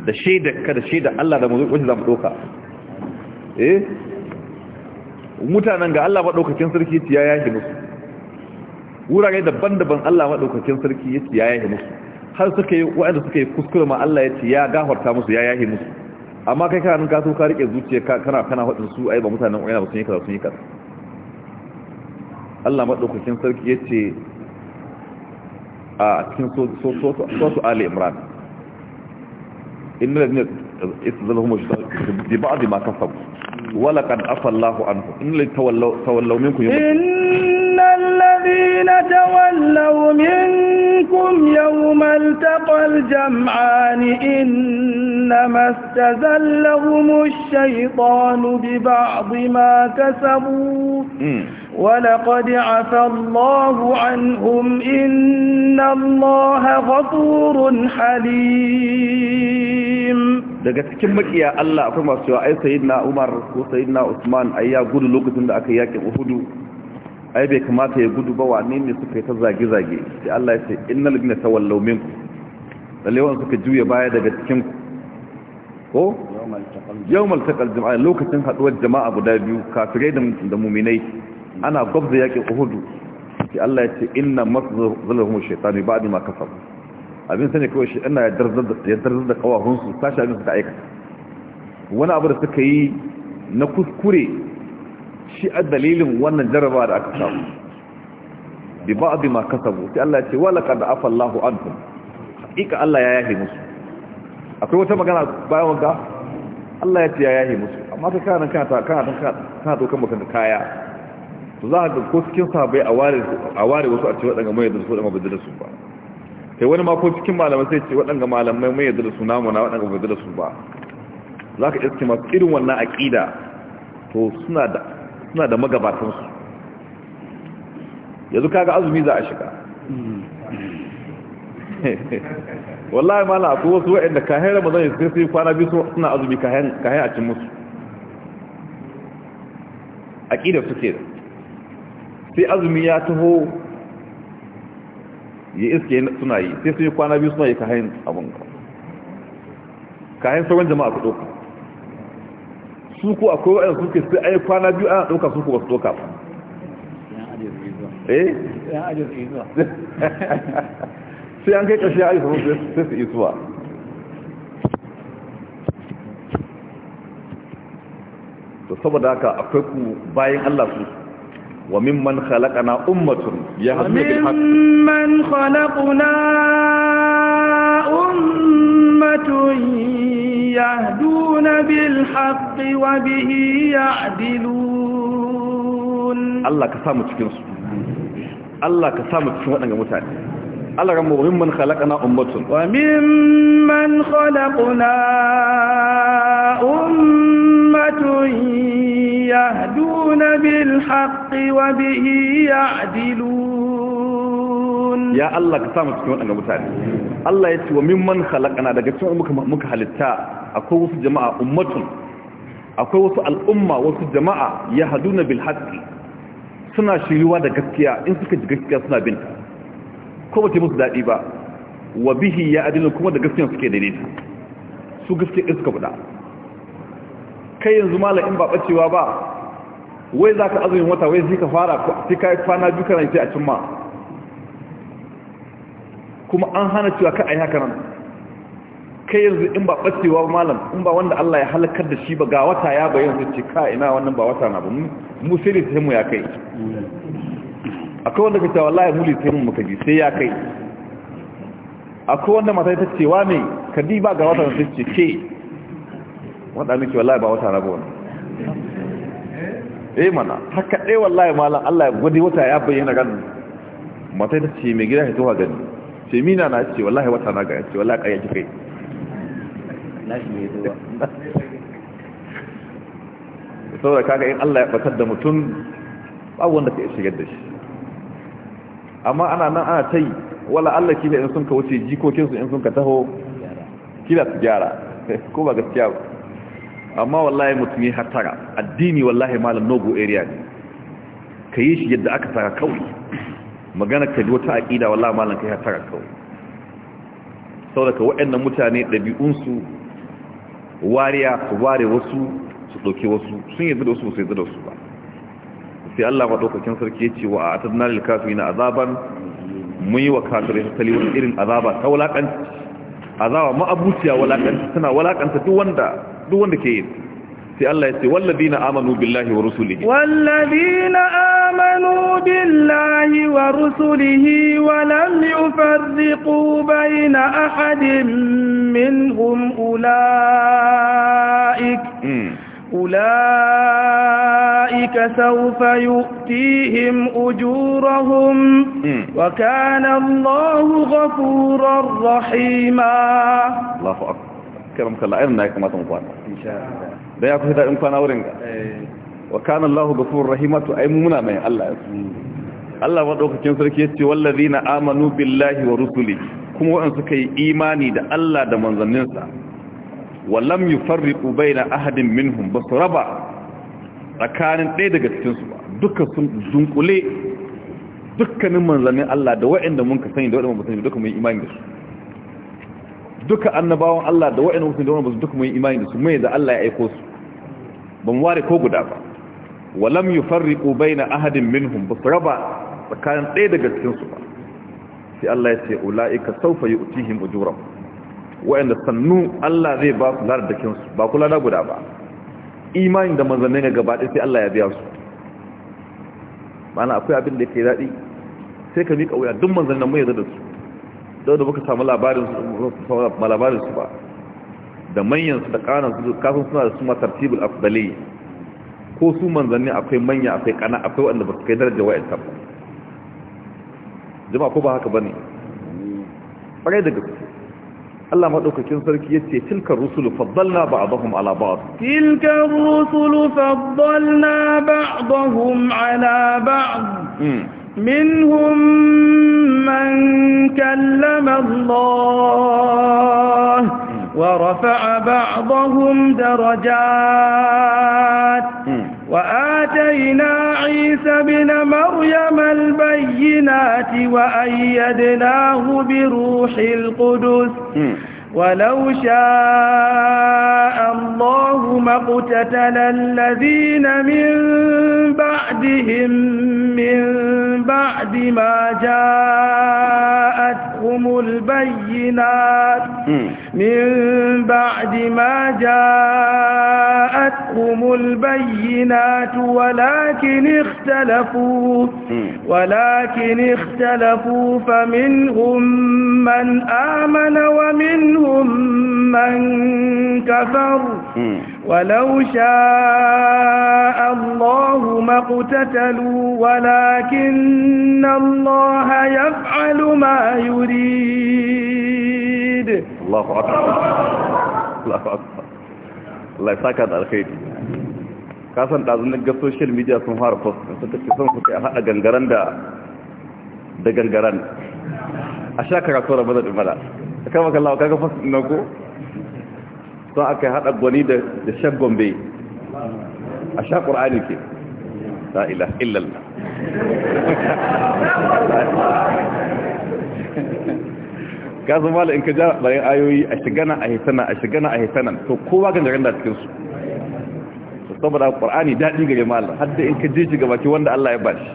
da shaida ka da shaida Allah da mu wacce za mu ɗauka eh mutanen ga Allah maɗaukakin sarki ya yahi musu wurare daban-daban Allah maɗaukakin sarki ya yahi musu har suka yi waɗanda suka yi kuskure ma Allah ya ce ya gafarta musu ya yahi musu amma kai kana ka so ka rike zuciya ka kana kana hadin su ai ba mutanen ƙwayana ba sun yi kaza sun yi kaza Allah madaukakin sarki yace a cikin so so so Ali Imran innal ladina istazalhum bi ba'd ma kasabu wa laqad afa Allahu anhu innal tawallaw tawallaw minkum الذين تولوا منكم يوم التقى الجمعان إنما استزلهم الشيطان ببعض ما كسبوا ولقد عفى الله عنهم إن الله غفور حليم daga cikin makiya Allah akwai masu yawa ai sayyidina Umar ko sayyidina Usman ai ya gudu lokacin da aka yakin Uhud ai bai kamata ya gudu ba wane ne suka yi ta zage-zage da Allah ya ce innal ta tawallaw ku. lalewan suka juya baya daga cikin ku ko yawmal maltakal jama'a lokacin haduwar jama'a guda biyu kafirai da mu'minai ana gwabza yaƙin hudu. da Allah ya ce inna mazlahum shaytanu ba'da ma kafa abin sani kawai shi ina ya darzar da kawahunsu tashi abin suka aikata wani abu da suka yi na kuskure shi a dalilin wannan jarabawa da aka samu bi ba'd ma kasabu sai Allah ya ce wala qad afa Allahu ankum haƙiƙa Allah ya yahe musu akwai wata magana bayan wanka Allah ya ce ya yahe musu amma ka kana kana ta kana ta kana dokan baka kaya to za ka ko cikin sabai a ware a ware wasu a ce wadanga mai yadda su da mabudda su ba sai wani ma ko cikin malamai sai ce wadanga malamai mai da su namu na wadanga mabudda su ba za ka iske masu irin wannan aqida to suna da suna da magabatansu yanzu kaga azumi za a shiga *laughs* wallahi mala akwai wasu da kayan ramadan ya sai kwana biyu suna azumi kayan a cin musu aƙidar suke da sai azumi ya taho ya iske suna yi sai su yi kwana biyu suna yi abun abin kayan sauran jama'a ku ɗauka su ko akwai waɗanda suke sai ai kwana biyu ana ɗauka su ko wasu su ɗauka ba eh? sai an kai ƙarshe a isa sai su isuwa to saboda haka akwai ku bayan Allah su wa mimman khalaqana ummatun yahduna bil haqq wa mimman khalaqna ummatun أمة يهدون بالحق وبه يعدلون الله كسامة كنس الله كسامة شهدنا متعد الله رمو وممن خلقنا أمة وممن خلقنا أمة يهدون بالحق وبه يعدلون ya Allah ka samu cikin waɗanda mutane Allah ya ce wa mimman khalaqana daga cikin muka halitta akwai wasu jama'a ummatun akwai wasu al'umma wasu jama'a ya haduna bil haqqi suna shiriwa da gaskiya in suka ji gaskiya suna ta ko ba ta musu daɗi ba wa bihi ya adilu kuma da gaskiya suke daidaita su gaskiya ɗin suka faɗa kai yanzu mallam in ba ɓacewa ba wai za ka azumin wata wai sai ka fara sai ka yi kwana biyu kana sai a cimma kuma an hana cewa ka ayi haka nan kai yanzu in ba ɓacewa malam in ba wanda Allah ya halakar da shi ba ga wata ya bayyana su ce ka ina wannan ba wata na ba mu sai da sai mu ya kai akwai wanda cewa wallahi mu sai mu muka ji sai ya kai akwai wanda mata ta cewa me kadi ba ga wata na sai ce ke wanda nake wallahi ba wata na ba wani, eh mana haka dai wallahi malam Allah ya gode wata ya bayyana ganin mata ta ce me gida ta to gani Semina na ce wallahi wata na gaya ce wallahi ƙarya kika yi saboda kaga in Allah ya batar da mutum babu wanda ka shigar da shi amma ana nan ana tai wala Allah kila in sun ka wuce jikokin su in sun ka taho kila su gyara *laughs* ko ba gaskiya ba amma wallahi mutum ya hatara addini wallahi malam nogo area ne ka yi shi yadda aka saka kawai magana ka ji wata aƙida wallahi malam kai har hatara kawai sau daga waɗannan mutane ɗabi'unsu wariya su ware wasu su ɗauke wasu sun yi da wasu ba su yi da wasu ba sai Allah ma maɗaukakin sarki ya ce wa a tattalin lil kafiri na azaban mun yi wa ya tattali wani irin azaba ta wulaƙanci azaba ma'abuciya wulaƙanci suna wulaƙanta duk wanda ke yin sai Allah ya ce wallazina amanu billahi wa rusulihi wallazina amanu billahi wa rusulihi wa lam yufarriqu baina ahadin minhum ulaik أولئك سوف يؤتيهم أجورهم وكان الله غفورا رحيما الله أكبر كرمك الله أين نايك ما تنقوانا إن شاء الله da ya kusa daɗin kwana wurin ga eh. wa kana Allahu ghafurur rahimatu ai muna mai Allah ya su Allah madaukakin sarki yace wallazina amanu billahi wa rusuli. kuma waɗanda suka yi imani da Allah da manzanninsa wallam yufarriqu baina ahadin minhum basu raba tsakanin ɗaya daga cikinsu ba duka sun dunkule dukkanin manzannin Allah da waɗanda mun ka sani da waɗanda mun sani duka mun yi imani da su duka annabawan Allah da waɗanda mun sani da waɗanda mun duka mun yi imani da su mai da Allah ya aiko su ban ware ko guda ba walam yufarriqu baina ahadin minhum ba raba tsakanin ɗaya daga cikin su ba sai Allah ya ce ulaika sawfa yu'tihim Wa wa'anda sannu Allah zai ba su ladar dakin su ba kula da guda ba imanin da manzannin ga gaba sai Allah ya biya su ma'ana akwai abin da yake daɗi sai ka miƙa wuya duk manzannin mai yadda da su da baka samu labarin su ba da manyan su da kanan su kafin suna da su ma tartibul afdali ko su manzanni akwai manya akwai kana akwai wanda ba su kai daraja wa'in ta ba jama'a ko ba haka bane ƙwarai da gaske Allah maɗaukakin sarki ya ce tilkar rusulu faddalna ba'dahum ala ba'd tilkar rusulu faddalna ba'dahum ala ba'd منهم من كلم الله ورفع بعضهم درجات وآتينا عيسى بن مريم البينات وأيدناه بروح القدس ولو شاء الله ما اقتتل الذين من بعدهم من بعد ما جاءتهم البينات من بعد ما جاءتهم البينات ولكن اختلفوا ولكن اختلفوا فمنهم من آمن ومنهم من كفر ولو شاء الله ما اقتتلوا ولكن الله يفعل ما يريد الله أكبر الله أكبر الله يساكد الخير كاسم تعزن قصو الشيل ميديا سمهار فصل ستكسون كتي أحد أغنقران دا دغنقران أشاكك أكثر بذل إمالا كما قال الله كاكفص إنكو sun aka haɗa gwani da shan gombe a sha ƙur'ani ke la ilaha illallah *laughs* kasu mala in ka ja bayan ayoyi a shigana a hitana a shigana a hitana to kowa kan jarin da cikinsu saboda ƙur'ani daɗi gare mala hadda in ka je shi baki wanda Allah ya bashi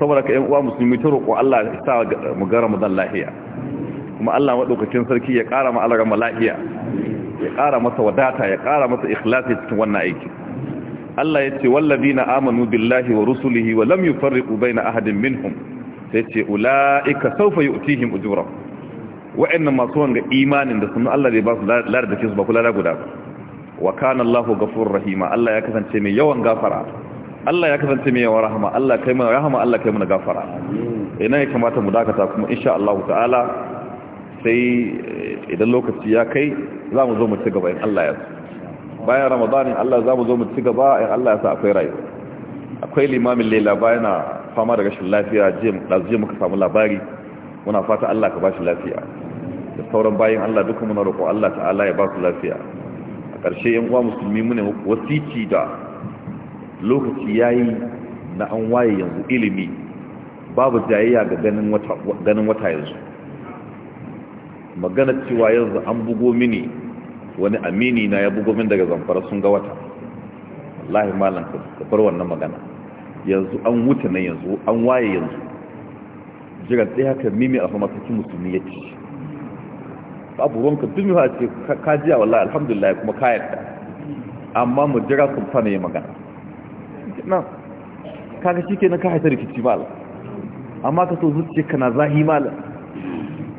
saboda ka ‘yan uwa musulmi ta roƙo Allah ya sa mu ga Ramadan lahiya kuma Allah madaukakin sarki ya ƙara ma alaran mala'iya ya ƙara masa wadata ya ƙara masa ikhlasi cikin wannan aiki Allah ya ce wallabi na amanu billahi wa rusulihi wa lam ubai na ahadin minhum sai ce ulaika sawfa yu'tihim ujurahum wa'annan masu wanga imanin da sunan Allah zai ba su lar da su ba kula da guda ba wa kana Allahu ghafurur rahima Allah ya kasance mai yawan gafara Allah ya kasance mai yawan rahama Allah kai mana rahama Allah kai mana gafara ina ya kamata mu dakata kuma insha Allah ta'ala sai eh, idan lokaci ya kai za mu zo mu ci gaba in Allah ya sa bayan ramadani Allah za mu zo mu ci gaba in Allah ya sa akwai rayuwa akwai limamin laila bayana fama da rashin lafiya zai muka samu labari muna fata Allah ka ba shi lafiya da sauran bayan Allah duka muna roƙo Allah ta'ala ya ba su lafiya a ƙarshe yan uwa musulmi mune wasici da lokaci yayi na an waye yanzu ilimi babu jayayya ga ganin wata yanzu magana cewa yanzu an bugo mini wani amini na ya bugo min daga zamfara sun ga wata wallahi malam ka bar wannan magana yanzu an wuce nan yanzu an waye yanzu jiran ɗaya haka mimi a fama kaki musulmi ya ci babu ruwanka duk mai ce ka ji a wallahi alhamdulillah kuma ka yarda amma mu jira kun fana yi magana na kaga shi ke na ka haita rikici malam amma ka so zuciya kana zahi malam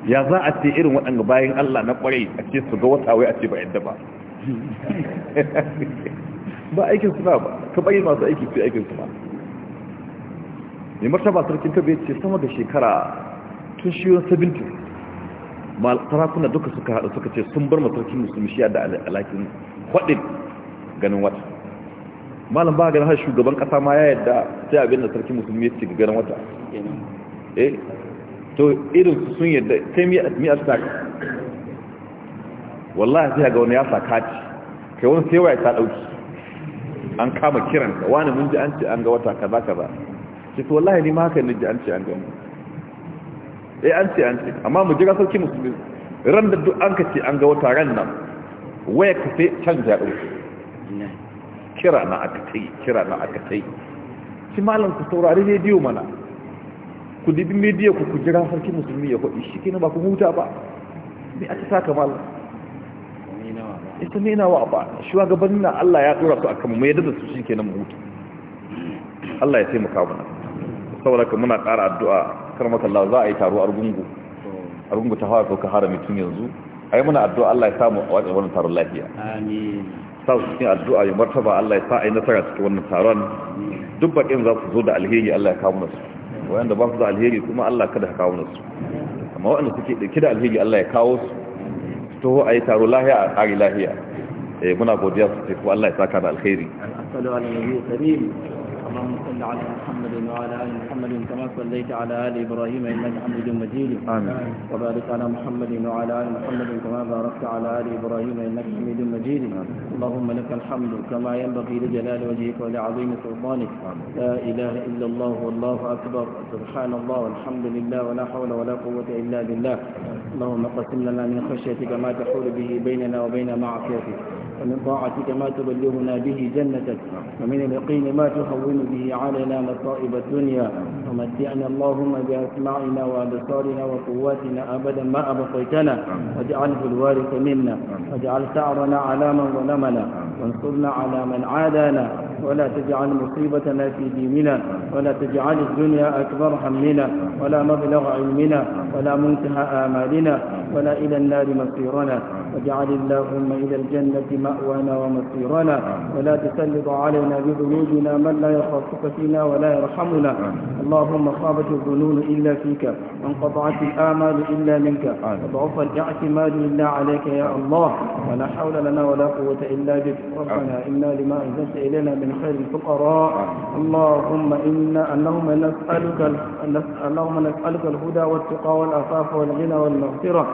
ya za a ce irin waɗanda bayan Allah na ƙwarai a ce su ga wata wai a ce ba yadda ba ba aikin suna ba ka bayi masu aiki su aikin suna ne martaba sarkin bai ce sama da shekara tun shiyar sabintu sarakuna duka suka haɗu suka ce sun bar masarkin musulmi shiya da alakin kwaɗin ganin wata malam ba ganin har shugaban ƙasa ma ya yadda sai abin da sarkin musulmi ya ce ga ganin wata eh to irin su sun yadda sai miyar sa wallahi sai ga wani ya saka ci kai wani sai waya ta dauki an kama kiran ka wani mun ji an ce an ga wata kaza kaza ce to wallahi ni ma haka ni ji an ce an ga mu eh an ce an ce amma mu jira sauki musulmi ran da duk an ka ce an ga wata ran nan waya ka sai canja dauki kira na aka tai kira na aka tai shi malam ku saurari rediyo mana ku dibi media ku ku jira sarki musulmi ya kwaɗi shi kenan ba ku huta ba me aka saka malam ita ne wa ba gaban na Allah ya tsora su akan mu yadda su shi kenan mutu Allah ya taimaka mana saboda ka muna ƙara addu'a kar maka Allah za a yi taro argungu argungu ta hawa ka harami tun yanzu ai muna addu'a Allah ya samu a wannan taron lafiya amin sa su cikin addu'a ya martaba Allah ya sa a yi nasara cikin wannan taron duk baƙin za su zo da alheri Allah ya kawo musu wanda ba su da alheri kuma Allah kada ka kawo nasu amma waɗanda suke da alheri Allah ya kawo su to a yi taro lahiya a tsari lahiya muna godiya su ce ko Allah ya saka da alheri اللهم صل على محمد وعلى ال محمد كما صليت على ال ابراهيم انك حميد مجيد امين وبارك على محمد وعلى ال محمد كما باركت على ال ابراهيم انك حميد مجيد اللهم لك الحمد كما ينبغي لجلال وجهك ولعظيم سلطانك لا اله الا الله والله اكبر سبحان الله والحمد لله ولا حول ولا قوه الا بالله اللهم اقسم لنا من خشيتك ما تحول به بيننا وبين معصيتك ومن طاعتك ما تبلغنا به جنتك ومن اليقين ما تهون به علينا مصائب الدنيا ومتعنا اللهم بأسماعنا وأبصارنا وقواتنا أبدا ما أبقيتنا واجعله الوارث منا واجعل ثأرنا على من ظلمنا وانصرنا على من عادانا ولا تجعل مصيبتنا في ديننا ولا تجعل الدنيا أكبر همنا ولا مبلغ علمنا ولا منتهى آمالنا ولا إلى النار مصيرنا واجعل اللهم إلى الجنة مأوانا ومصيرنا ولا تسلط علينا بذنوبنا من لا يخافك فينا ولا يرحمنا اللهم خابت الظنون إلا فيك وانقطعت الآمال إلا منك وضعف الاعتماد إلا عليك يا الله ولا حول لنا ولا قوة إلا بك ربنا إنا لما أنزلت إلينا من خير الفقراء اللهم إنا اللهم نسألك اللهم نسألك الهدى والتقى والعفاف والغنى والمغفرة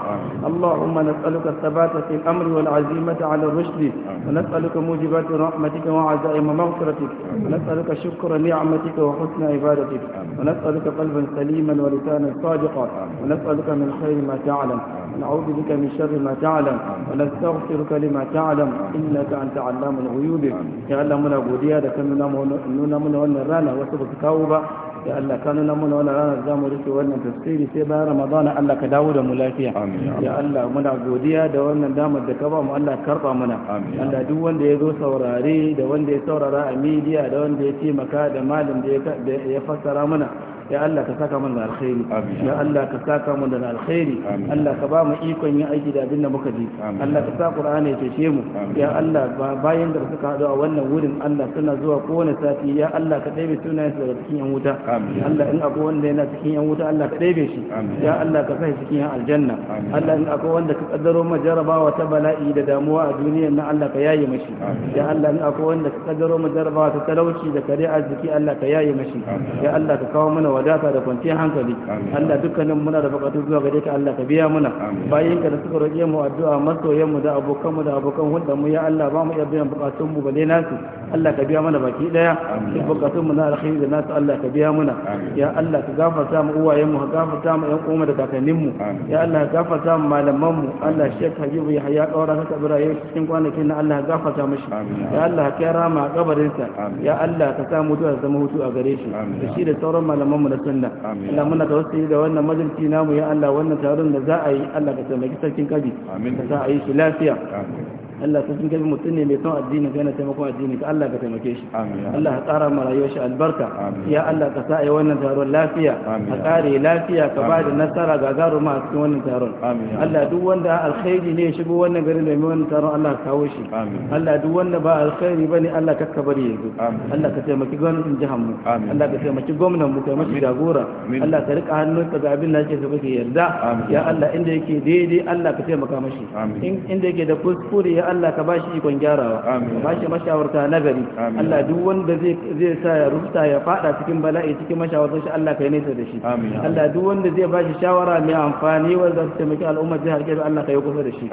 اللهم نسألك الثبات في الأمر والعزيمة على الرشد ونسألك موجبات رحمتك وعزائم مغفرتك ونسألك شكر نعمتك وحسن عبادتك ونسألك قلبا سليما ولسانا صادقا ونسألك من خير ما تعلم ونعوذ بك من شر ما تعلم ونستغفرك لما تعلم إنك أنت علام الغيوب تعلمنا الله منا godiya ونرانا kan التوبة ya Allah ka nuna mana wannan ranar za mu rike wannan tasiri. sai bayan ramadan Allah ka dawo da mu lafiya ya Allah muna godiya da wannan damar da ka ba mu Allah karba mana Allah duk wanda ya zo saurare da wanda ya saurara a midiya da wanda ya taimaka da malam da ya fassara mana ya Allah ka saka mana da alkhairi ya Allah ka saka mana da alkhairi Allah ka ba mu ikon yin aiki da abin da muka ji Allah ka sa Qur'ani ya cece mu ya Allah bayan da suka hadu a wannan wurin Allah suna zuwa kowane sati ya Allah ka ɗebe sunayen su daga cikin yan wuta Allah in akwai wanda yana cikin yan wuta Allah ka ɗebe shi ya Allah ka sa cikin yan aljanna Allah in akwai wanda ka kaddaro ma jarabawa ta bala'i da damuwa a duniyar nan Allah ka yaye mashi ya Allah in akwai wanda ka kaddaro ma jarabawa ta talauci da kare arziki Allah ka yaye mashi ya Allah ka kawo mana wadata da kwanciyar hankali Allah dukkanin muna da bukatu zuwa gare ka Allah ka biya muna bayin ka da suka roƙe mu addu'a masoyan mu da abokan mu da abokan hulɗar mu ya Allah ba mu iya biyan bukatun mu bale nasu Allah ka biya mana baki daya duk bukatun mu na alkhairi da nasu Allah ka biya muna ya Allah ka gafarta mu uwayen mu ka gafarta mu ƴan uwa da kakannin mu ya Allah ka gafarta mu malaman mu Allah Sheikh Habibu Yahya Kaura ka kabira yau cikin kwanakin na Allah ka gafarta mishi ya Allah ka kira mu a kabarinsa ya Allah ka sa mu da zama hutu a gare shi da shi da sauran malaman mu da sunna Allah muna tawassuli da wannan majalisi namu ya Allah wannan taron da za a yi Allah ka taimaki sarkin kaji ka sa a yi shi lafiya Allah ka kai mutum ne mai son addini kai na taimakon addini ka Allah ka taimake shi Allah ka ƙara ma rayuwar shi albarka ya Allah ka sa yi wannan taron lafiya ka ƙare lafiya ka ba da nasara ga garo ma a cikin wannan taron Allah duk wanda alkhairi ne ya shigo wannan garin da mai wannan taron Allah ka kawo shi Allah duk wanda ba alkhairi bane Allah ka ka bari yanzu Allah ka taimaki gwamnatin jihar mu Allah ka taimaki gwamnan mu kai mashi jagora Allah ka rika ka ga abin da yake so kake yarda ya Allah inda yake daidai Allah ka taimaka mashi inda yake da kuskure ya Allah ka bashi ikon gyarawa amin bashi mashawarta nagari Allah duk wanda zai zai sa ya rubuta ya fada cikin bala'i cikin mashawarta shi Allah ka yi nesa da shi amin Allah duk wanda zai bashi shawara mai amfani wanda zai taimaki al'umma jihar Kebbi Allah ka yi kusa da shi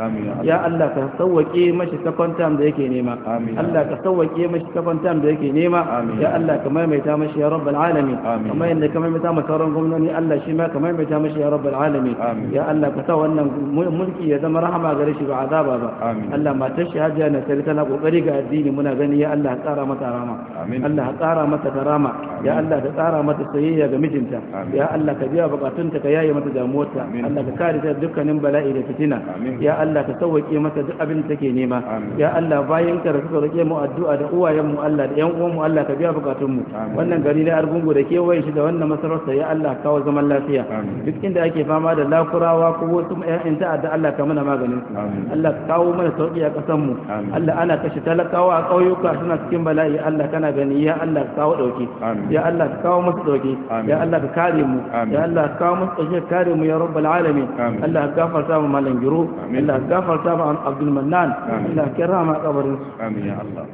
ya Allah ka sauwake mashi second term da yake nema amin Allah ka sauwake mashi second term da yake nema ya Allah ka maimaita mashi ya rabbal alamin amin kamar yadda ka maimaita maka ran gwamnati Allah shi ma ka maimaita mashi ya rabbal alamin amin ya Allah ka sa wannan mulki ya zama rahama gare shi ba azaba ba Allah matar shi hajiya na tare tana kokari ga addini muna gani ya Allah tsara mata rama Allah tsara mata karama ya Allah ka tsara mata sayayya ga mijinta ya Allah ka biya bukatunta ka yaye mata damuwarta Allah ka kare ta dukkanin bala'i da fitina ya Allah ka sauke mata duk abin da take nema ya Allah bayan ka suka roke mu addu'a da uwayen mu Allah da yan uwan mu Allah ka biya bukatun mu wannan gari ne argungu da kewaye shi da wannan masarauta ya Allah kawo zaman lafiya duk inda ake fama da lakurawa ko wasu ƴaƴan ta'adda Allah ka mana maganin su Allah ka kawo mana sauki ta kasan mu Allah ana kashe talakawa a ƙauyuka suna cikin bala'i Allah kana gani ya Allah ka kawo dauke ya Allah ka kawo masu dauke ya Allah ka kare mu ya Allah ka kawo masu dauke kare mu ya rabbal alamin Allah ka gafarta mu malam giro Allah ka gafarta mu Abdul Mannan Allah ka rahama kabarin su amin ya Allah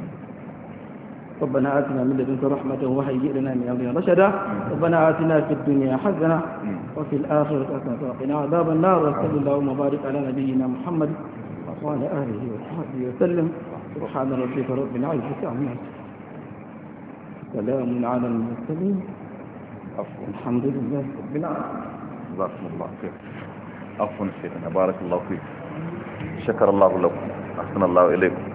ربنا آتنا من لدنك رحمة وهيئ لنا من أمرنا رشدا ربنا آتنا في الدنيا حسنة وفي الآخرة حسنة وقنا عذاب النار وصلى اللهم وبارك على نبينا محمد وعلى آله وصحبه وسلم سبحان ربك رب العزة عما سلام على المرسلين الحمد لله رب العالمين الله خير عفوا شيخنا بارك الله فيك شكر الله لكم أحسن الله إليكم